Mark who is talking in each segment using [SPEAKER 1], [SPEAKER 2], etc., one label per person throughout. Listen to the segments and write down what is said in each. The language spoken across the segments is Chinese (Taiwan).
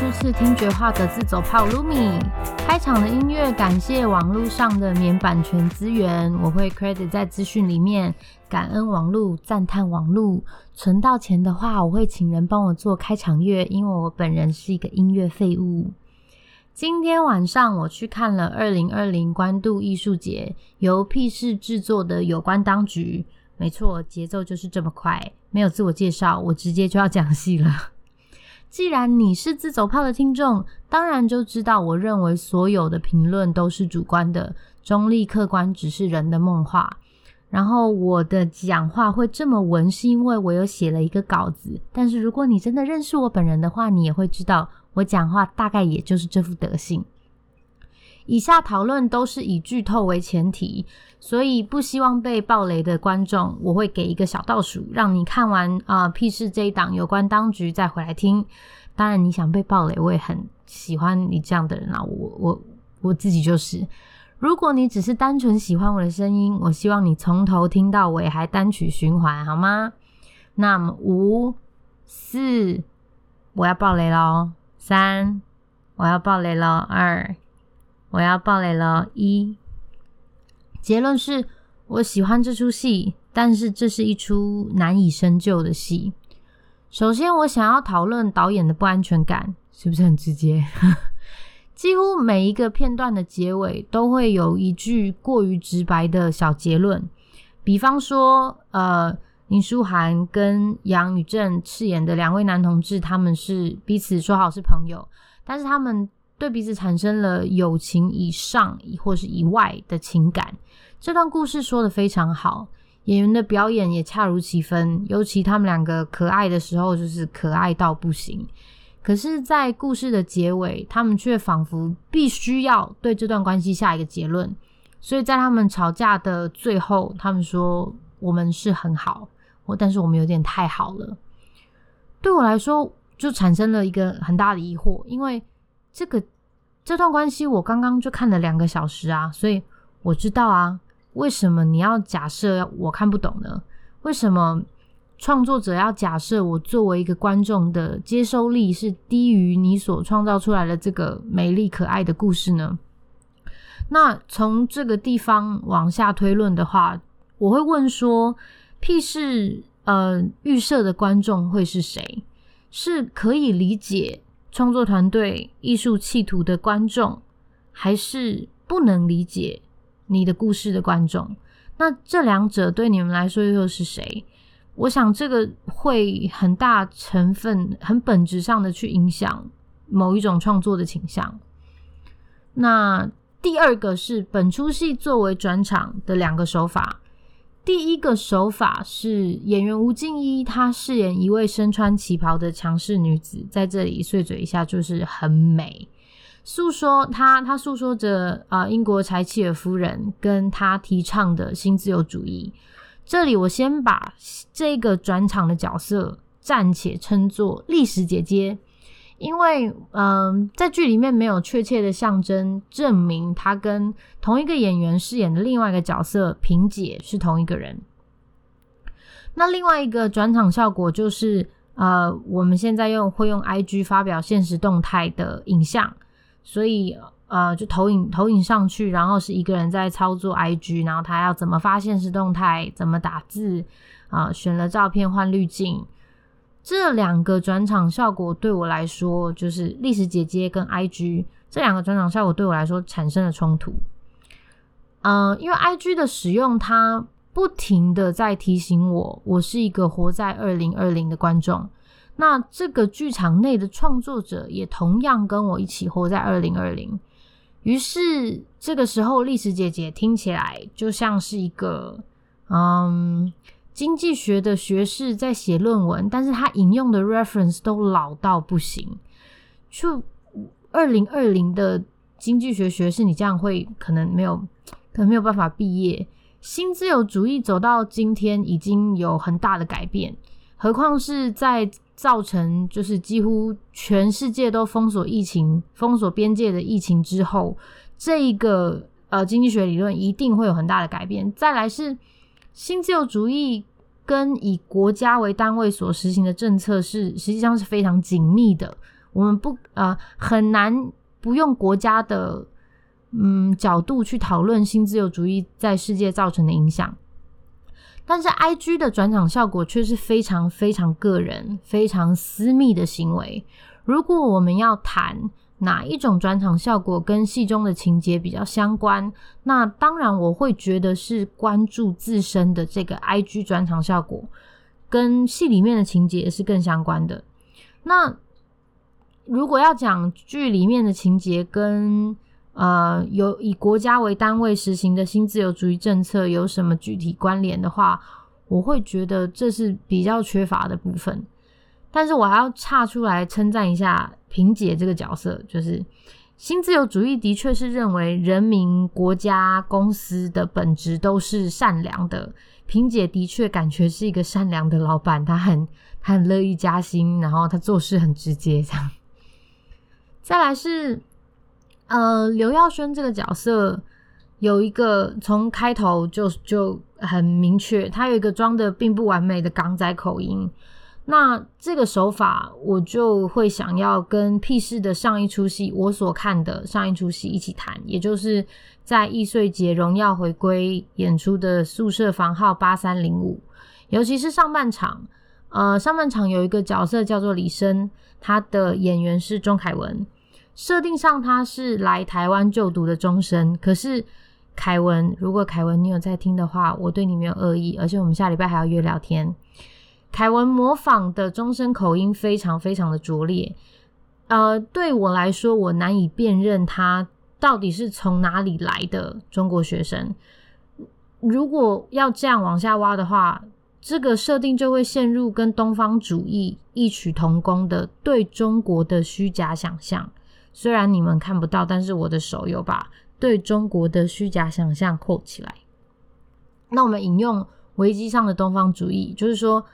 [SPEAKER 1] 初次聽覺化的自走炮 Lumi，開場的音樂感謝網絡上的免版權資源，我會 credit 在資訊裡面。感恩網絡，讚嘆網絡。存到錢的話，我會請人幫我做開場樂，因為我本人是一個音樂廢物。今天晚上我去看了二零二零關渡藝術節，由僻室製作的《有關當局》沒錯。沒錯，節奏就是這麼快。沒有自我介紹，我直接就要講戲了。既然你是自走炮的聽眾，當然就知道我認為所有的評論都是主觀的，中立客觀只是人的夢話。然後我的講話會這麼文，是因為我有寫了一個稿子。但是如果你真的認識我本人的話，你也會知道我講話大概也就是這副德行。以下討論都是以劇透為前提，所以不希望被暴雷的觀眾，我會給一個小倒數，讓你看完啊僻室這一檔有關當局再回來聽。當然，你想被暴雷，我也很喜歡你這樣的人啊，我我我自己就是。如果你只是單純喜歡我的聲音，我希望你從頭聽到尾，還單曲循環，好嗎？那麼五四我要暴雷咯，三我要暴雷咯，二。我要爆雷了！一，結論是我喜歡這齣戲，但是這是一齣難以深究的戲。首先，我想要討論導演的不安全感是不是很直接？ 幾乎每一個片段的結尾都會有一句過於直白的小結論，比方說，呃，林書涵跟楊宇正飾演的兩位男同志，他們是彼此說好是朋友，但是他們。對彼此產生了友情以上或是以外的情感，這段故事說得非常好，演員的表演也恰如其分。尤其他們兩個可愛的時候，就是可愛到不行。可是，在故事的結尾，他們卻仿佛必須要對這段關係下一個結論。所以在他們吵架的最後，他們說：“我們是很好，但是我們有點太好了。”對我來說，就產生了一個很大的疑惑，因為這個。這段關係我剛剛就看了兩個小時啊，所以我知道啊，為什麼你要假設我看不懂呢？為什麼創作者要假設我作為一個觀眾的接收力是低於你所創造出來的這個美麗可愛的故事呢？那從這個地方往下推論的話，我會問說：屁事呃預設的觀眾會是誰？是可以理解創作團隊、藝術企圖的觀眾，還是不能理解你的故事的觀眾，那這兩者對你們來說又又是誰？我想這個會很大成分、很本質上的去影響某一種創作的傾向。那第二個是本出戲作為轉場的兩個手法。第一個手法是演員吳靜一，她飾演一位身穿旗袍的強勢女子，在這裡碎嘴一下就是很美，訴說她，她訴說着啊、呃、英國柴契爾夫人跟她提倡的新自由主義。這裡我先把這個轉場的角色暫且稱作歷史姐姐。因為，嗯、呃，在劇裡面沒有確切的象徵證明他跟同一個演員飾演的另外一個角色萍姐是同一個人。那另外一個轉場效果就是，呃，我們現在用會用 IG 發表現實動態的影像，所以，呃，就投影投影上去，然後是一個人在操作 IG，然後他要怎麼發現實動態，怎麼打字，啊、呃，選了照片換濾鏡。這兩個轉場效果對我來說，就是歷史姐姐跟 IG，這兩個轉場效果對我來說產生了衝突。嗯，因為 IG 的使用，它不停的在提醒我，我是一個活在二零二零的觀眾。那這個劇場內的創作者也同樣跟我一起活在二零二零。於是這個時候，歷史姐姐聽起來就像是一個，嗯。經濟學的學士在寫論文，但是他引用的 reference 都老到不行，就二零二零的經濟學學士，你這樣會可能沒有，可能沒有辦法畢業。新自由主義走到今天已經有很大的改變，何況是在造成就是幾乎全世界都封鎖疫情、封鎖邊界的疫情之後，這一個呃經濟學理論一定會有很大的改變。再來是。新自由主義跟以國家為單位所實行的政策是實際上是非常緊密的，我們不啊、呃、很難不用國家的嗯角度去討論新自由主義在世界造成的影響，但是 IG 的轉場效果卻是非常非常個人、非常私密的行為。如果我們要談。哪一種轉場效果跟戲中的情節比較相關？那當然，我會覺得是關注自身的這個 IG 轉場效果，跟戲裡面的情節是更相關的。那如果要講劇裡面的情節跟呃有以國家為單位實行的新自由主義政策有什麼具體關聯的話，我會覺得這是比較缺乏的部分。但是我還要岔出來稱讚一下。萍姐這個角色，就是新自由主義，的確是認為人民、國家、公司的本質都是善良的。萍姐的確感覺是一個善良的老板，她很，她很樂意加薪，然後她做事很直接，這樣。再來是，呃，劉耀軒這個角色有一個從開頭就，就很明確，他有一個裝得並不完美的港仔口音。那這個手法，我就會想要跟僻室的上一出戲，我所看的上一出戲一起談，也就是在藝穗節榮耀回歸演出的宿舍房號八三零五，尤其是上半場，呃，上半場有一個角色叫做李生，他的演員是鍾凱文，設定上他是來台灣就讀的中生，可是凱文，如果凱文你有在聽的話，我對你沒有惡意，而且我們下禮拜還要約聊天。凱文模仿的中生口音非常非常的拙劣，呃，對我來說，我難以辨認他到底是從哪裡來的中國學生。如果要這樣往下挖的話，這個設定就會陷入跟東方主義異曲同工的對中國的虛假想象。雖然你們看不到，但是我的手有把對中國的虛假想象扣起來。那我們引用《維基上的東方主義》，就是說。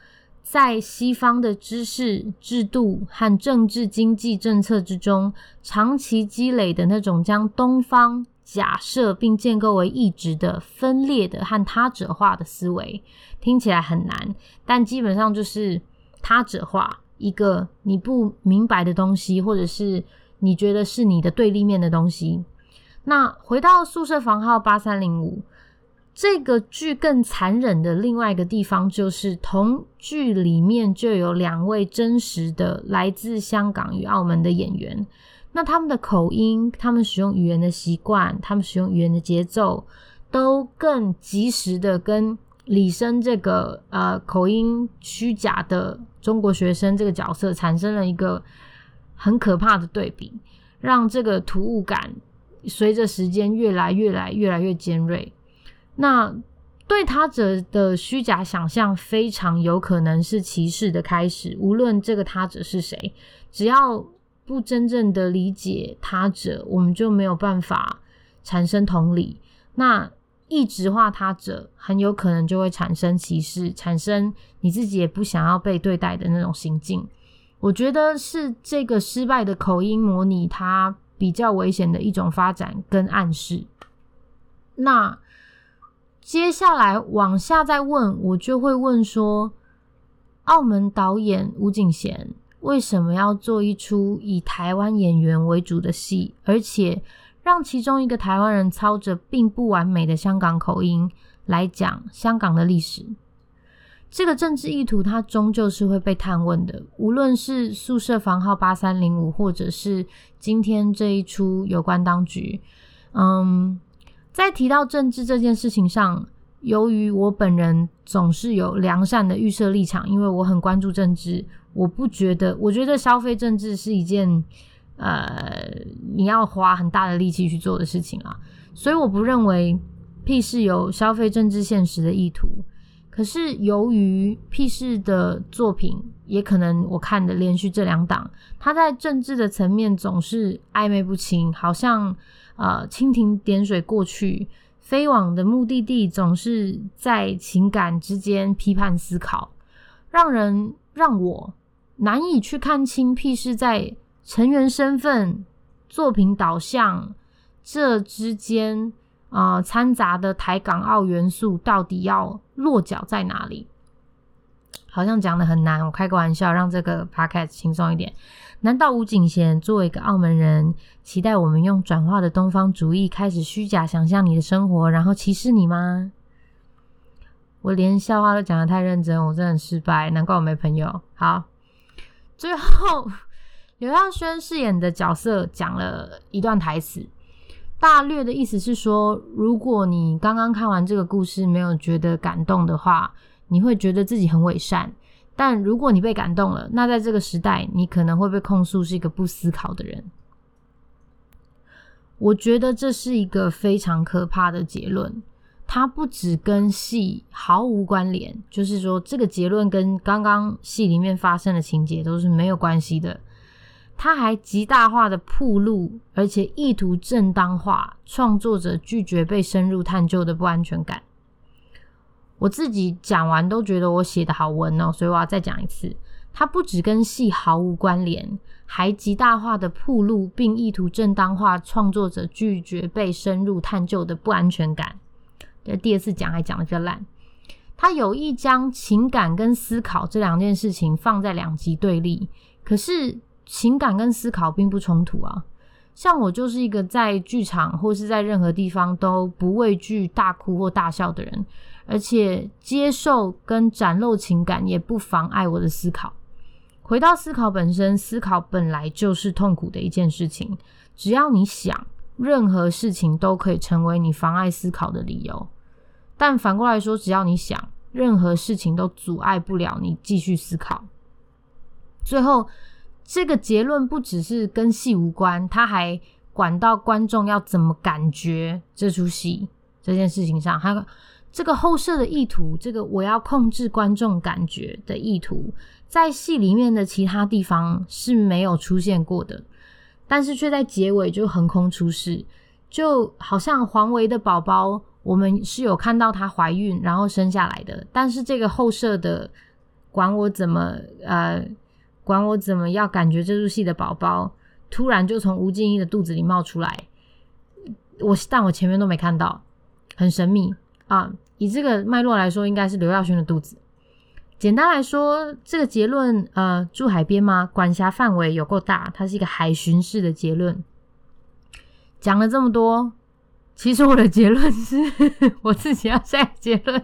[SPEAKER 1] 在西方的知識制度和政治經濟政策之中，長期積累的那種將東方假設並建構為異質的、分裂的和他者化的思維，聽起來很難，但基本上就是他者化一個你不明白的東西，或者是你覺得是你的對立面的東西。那回到宿舍房號八三零五。這個劇更殘忍的另外一個地方，就是同劇裡面就有兩位真實的來自香港與澳門的演員，那他們的口音、他們使用語言的習慣、他們使用語言的節奏，都更及時的跟李生這個呃口音虛假的中國學生這個角色產生了一個很可怕的對比，讓這個突兀感隨着時間越來越來越來越尖銳。那對他者的虛假想象非常有可能是歧視的開始，無論這個他者是誰，只要不真正的理解他者，我們就沒有辦法產生同理。那異質化他者很有可能就會產生歧視，產生你自己也不想要被對待的那種行徑。我覺得是這個失敗的口音模擬，它比較危險的一種發展跟暗示。那。接下來往下再問，我就會問說：澳門導演吳景賢為什麼要做一出以台灣演員為主的戲，而且讓其中一個台灣人操着並不完美的香港口音來講香港的歷史？這個政治意圖，它終究是會被探問的。無論是宿舍房號八三零五，或者是今天這一出有關當局，嗯。在提到政治這件事情上，由於我本人總是有良善的預設立場，因為我很關注政治，我不覺得，我覺得消費政治是一件，呃，你要花很大的力氣去做的事情啊，所以我不認為僻室有消費政治現實的意圖。可是由於僻室的作品。也可能我看的連續這兩檔，他在政治的層面總是曖昧不清，好像呃蜻蜓點水過去，飛往的目的地總是在情感之間批判思考，讓人讓我難以去看清屁事在成員身份、作品導向這之間啊摻雜的台港澳元素到底要落腳在哪裡？好像講得很難，我開個玩笑，讓這個 podcast 輕鬆一點。難道吳景賢作為一個澳門人，期待我們用轉化的東方主義開始虛假想象你的生活，然後歧視你嗎？我連笑話都講得太認真，我真的很失敗，難怪我沒朋友。好，最後劉耀軒飾演的角色講了一段台詞，大略的意思是說，如果你剛剛看完這個故事沒有覺得感動的話。你會覺得自己很偽善，但如果你被感動了，那在這個時代，你可能會被控訴是一個不思考的人。我覺得這是一個非常可怕的結論，它不只跟戲毫無關聯，就是說這個結論跟剛剛戲裡面發生的情節都是沒有關係的。它還極大化的暴露，而且意圖正當化，創作者拒絕被深入探究的不安全感。我自己講完都覺得我寫的好文哦，所以我要再講一次。它不只跟戲毫無關聯，還極大化的曝露，並意圖正當化創作者拒絕被深入探究的不安全感。第二次講還講的比較爛。他有意將情感跟思考這兩件事情放在兩極對立，可是情感跟思考並不衝突啊。像我就是一個在劇場或是在任何地方都不畏懼大哭或大笑的人。而且接受跟展露情感也不妨礙我的思考。回到思考本身，思考本來就是痛苦的一件事情。只要你想，任何事情都可以成為你妨礙思考的理由。但反過來說，只要你想，任何事情都阻礙不了你繼續思考。最後，這個結論不只是跟戲無關，他還管到觀眾要怎麼感覺這出戲這件事情上，他。這個後設的意圖，這個我要控制觀眾感覺的意圖，在戲裡面的其他地方是沒有出現過的，但是卻在結尾就橫空出世，就好像黃維的寶寶，我們是有看到他懷孕然後生下來的，但是這個後設的管我怎麼呃管我怎麼要感覺這出戲的寶寶突然就從吳靜怡的肚子裡冒出來，我但我前面都沒看到，很神秘啊。以這個脈絡來說，應該是劉耀軒的肚子。簡單來說，這個結論，呃，住海邊嗎？管轄範圍有夠大，它是一個海巡式的結論。講了這麼多，其實我的結論是呵呵，我自己要下結論。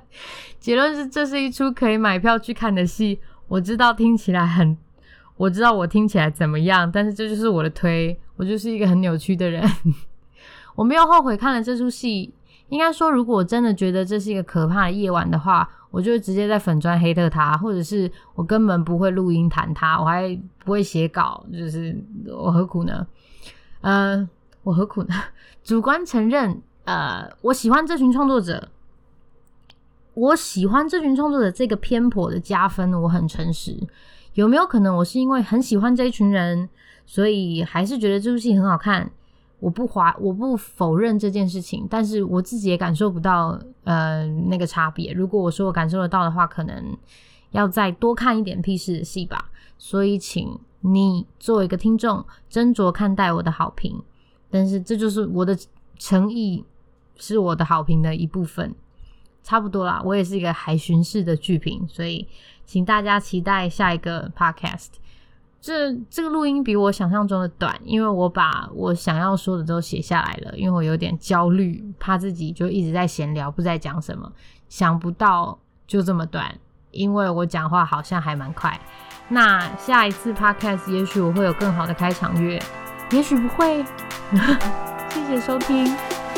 [SPEAKER 1] 結論是，這是一出可以買票去看的戲。我知道聽起來很，我知道我聽起來怎麼樣，但是這就是我的推，我就是一個很扭曲的人。我沒有後悔看了這出戲。應該說，如果我真的覺得這是一個可怕的夜晚的話，我就會直接在粉專黑特他，或者是我根本不會錄音彈他，我還不會寫稿，就是我何苦呢？呃，我何苦呢？主觀承認，呃，我喜歡這群創作者，我喜歡這群創作者這個偏頗的加分，我很誠實。有沒有可能我是因為很喜歡這一群人，所以還是覺得這部戲很好看？我不懷，我不否認這件事情，但是我自己也感受不到，呃，那個差別。如果我說我感受得到的話，可能要再多看一點僻室的戲吧。所以，請你做一個聽眾斟酌看待我的好評。但是這就是我的誠意，是我的好評的一部分，差不多啦，我也是一個海巡式的劇評，所以請大家期待下一個 podcast。這這個錄音比我想象中的短，因為我把我想要說的都寫下來了。因為我有點焦慮，怕自己就一直在閒聊，不在講什麼。想不到就這麼短，因為我講話好像還蠻快。那下一次 podcast 也許我會有更好的開場樂，也許不會。 謝謝收聽，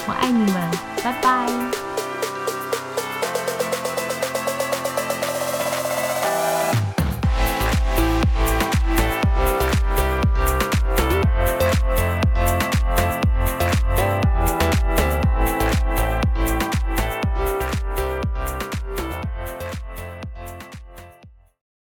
[SPEAKER 1] 我愛你們，拜拜。